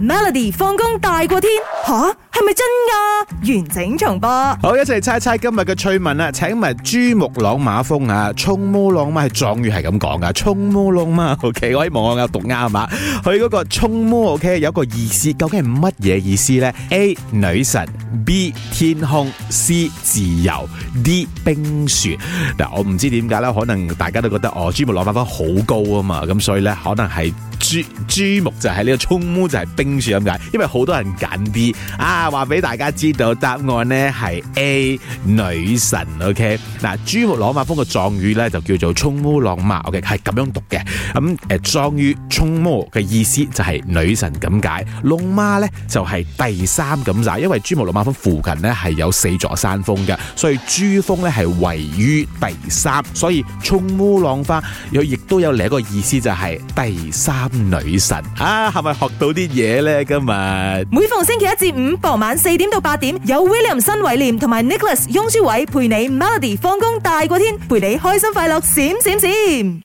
Melody 放工大過天嚇！哈係咪真噶？完整重播，好一齊猜猜猜今日嘅趣聞啊！請問珠穆朗瑪峰啊，沖摩朗瑪係藏語係咁講噶，沖摩朗瑪，OK，我希望我有讀啱啊。佢嗰、那個沖摩，OK，有一個意思，究竟係乜嘢意思咧？A 女神，B 天空，C 自由，D 冰雪。嗱、嗯，我唔知點解啦，可能大家都覺得哦，珠穆朗瑪峰好高啊嘛，咁所以咧，可能係珠珠穆就喺呢、這個沖摩就係、是、冰雪咁解，因為好多人揀 D 啊。話俾大家知道答案咧，係 A 女神，OK 嗱。珠穆朗瑪峰嘅藏語咧就叫做沖烏朗瑪，OK 係咁樣讀嘅。咁誒，藏語沖烏嘅意思就係女神咁解。龍媽咧就係第三咁解，因為珠穆朗瑪峰附近咧係有四座山峰嘅，所以珠峰咧係位於第三，所以沖烏朗瑪佢亦都有另一個意思就係第三女神。啊，係咪學到啲嘢咧今日？每逢星期一至五播。晚四點到八點，有 William 新偉廉同埋 Nicholas 翁舒偉陪你 Melody 放工大過天，陪你開心快樂閃閃閃。閃閃閃